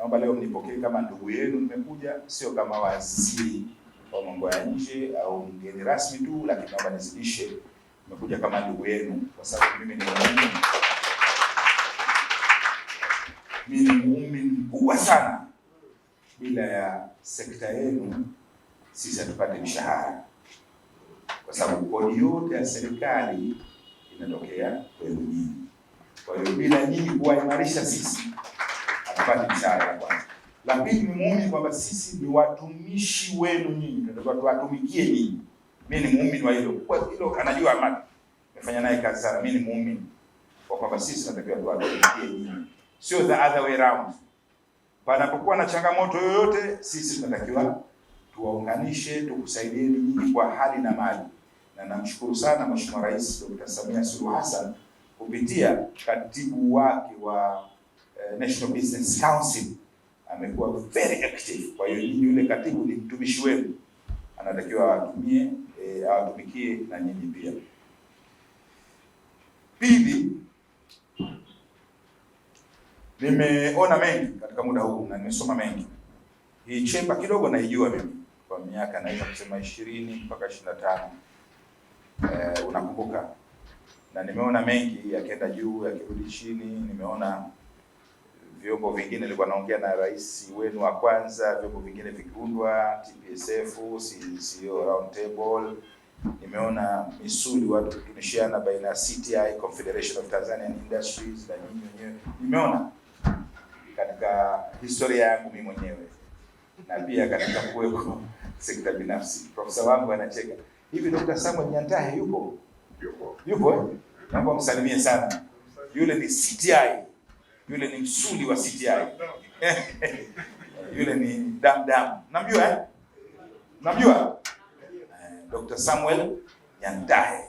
naomba leo mnipokee kama ndugu yenu, nimekuja sio kama waziri wa mambo ya nje au mgeni rasmi tu, lakini naomba nizidishe, nimekuja kama ndugu yenu, kwa sababu mimi ni muumini, mimi ni muumini mkubwa sana. Bila ya sekta yenu sisi hatupate mshahara, kwa sababu kodi yote ya serikali inatokea kwenu nyinyi. Kwa hiyo bila nyinyi kuwaimarisha sisi hapa ishara ya kwanza. La pili ni muumini kwamba sisi ni watumishi wenu nyinyi, tunatakiwa tuwatumikie nyinyi. Mimi ni muumini wa hilo, kwa hilo anajua amani. nimefanya naye kazi sana. Mimi ni muumini kwa kwamba sisi tunatakiwa tuwatumikie nyinyi, sio the other way round. Panapokuwa na changamoto yoyote, sisi tunatakiwa tuwaunganishe, tukusaidieni nyinyi kwa hali na mali. Na namshukuru sana Mheshimiwa Rais Dr. Samia Suluhu Hassan kupitia katibu wake wa Eh, National Business Council amekuwa very active. Kwa hiyo nyinyi, yule katibu ni mtumishi wenu, anatakiwa awatumie e, eh, awatumikie na nyinyi pia. Pili, nimeona mengi katika muda huu na nimesoma mengi. Hii chemba kidogo naijua mimi kwa miaka naweza kusema ishirini mpaka ishirini na tano eh, unakumbuka, na nimeona mengi yakienda juu yakirudi chini, nimeona vyombo vingine, nilikuwa naongea na rais wenu wa kwanza, vyombo vingine vikundwa, TPSF, CCO e round table, nimeona misuli watu kutunishiana baina ya CTI, Confederation of Tanzanian Industries na nyinyi wenyewe, nimeona katika historia yangu mimi mwenyewe na pia katika kuweko sekta binafsi. Profesa wangu anacheka hivi, Dr. Samuel Nyantahe yupo yupo, yupo eh? Naomba msalimie sana, yule ni CTI yule ni msuli wa CTI yule ni damdamu, namjua eh? namjua eh, Dr. Samuel Nyandahe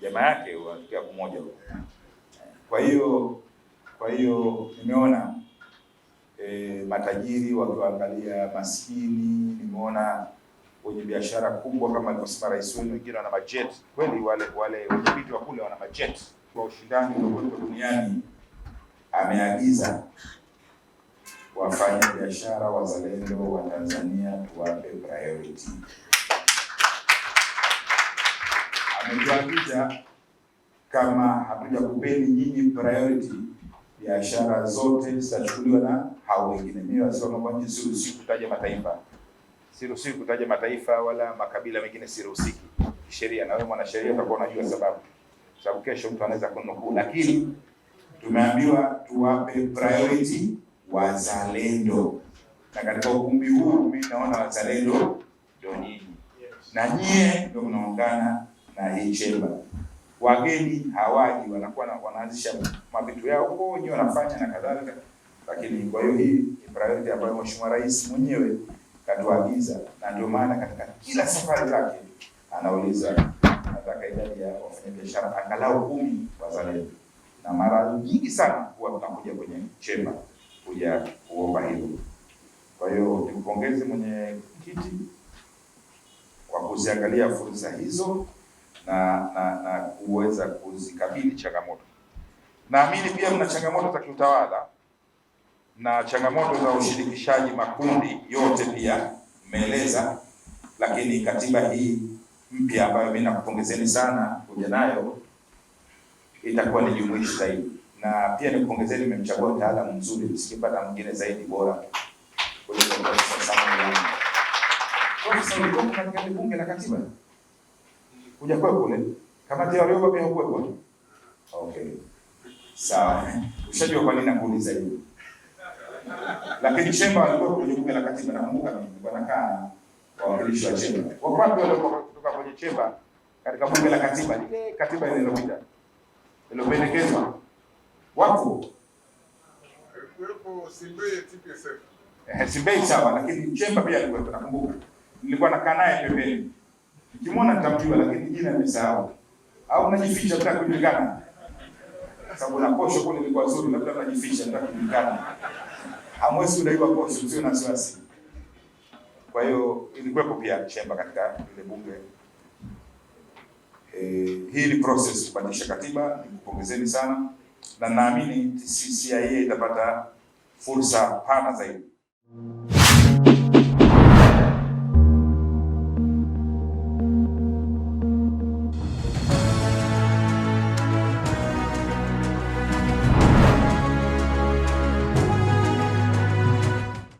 jamaa yake wanatokea pamoja huko. Kwa hiyo kwa hiyo nimeona e, matajiri wakiwaangalia maskini, nimeona wenye biashara kubwa kama alivyosema rais wenu, wengine wana majet kweli, wale wale wenyeviti wa kule wana majet kwa ushindani uliokuwepo duniani ameagiza wafanyabiashara wazalendo wa Tanzania tuwape priority. Ametuagiza kama kupeni nyinyi priority, biashara zote zitachukuliwa na hao wengine. Mimi nasema kwani siruhusi kutaja mataifa, siruhusi kutaja mataifa wala makabila mengine, siruhusiki kisheria, na wewe mwanasheria utakuwa unajua sababu, sababu kesho mtu anaweza kunukuu, lakini tumeambiwa tuwape priority wazalendo, na katika ukumbi huu mimi naona wazalendo ndio nyinyi na nyie ndio mnaungana na hii chemba. Wageni hawaji, wanakuwa wanaanzisha mavitu yao huko wenyewe wanafanya na kadhalika, lakini kwa hiyo hii ni priority ambayo Mheshimiwa Rais mwenyewe katuagiza, na ndio maana katika kila safari zake anauliza nataka idadi ya wafanyabiashara angalau kumi wazalendo na mara nyingi sana huwa tunakuja kwenye chemba kuja kuomba hilo. Kwa hiyo nikupongeze kiti kwa kuziangalia fursa hizo na na, na kuweza kuzikabili changamoto. Naamini pia mna changamoto za kiutawala na changamoto za ushirikishaji makundi yote pia mmeeleza, lakini katiba hii mpya ambayo mimi nakupongezeni sana kuja nayo itakuwa ni jumuishi zaidi, na pia nikupongezeni, nimemchagua mtaalamu mzuri, msikipata mwingine zaidi bora katika bunge la katiba hujakuwepo kule, kamati ya Warioba pia Okay, sawa, ushajua kwa nini nakuuliza Lakini chemba walikuwa kwenye bunge la katiba, nakumbuka nilikuwa nakaa wawakilishi wa chemba, wakwapi kwenye chemba katika bunge la katiba, ile katiba ile iliyopita lilopendekezwa wapo Simbei sawa, lakini Chemba pia alikuwa tunakumbuka, nilikuwa nakaa naye pembeni, nikimwona nitamjua, lakini jina nimesahau. Au unajificha bila kujulikana? Sababu na posho kule ilikuwa nzuri, labda unajificha bila kujulikana, hamwezi kudaiwa posho, sio na wasiwasi. Kwa hiyo ilikuwepo pia Chemba katika ile bunge. Eh, hii ni process kubadilisha katiba. Nikupongezeni sana na naamini CCIA itapata fursa pana zaidi.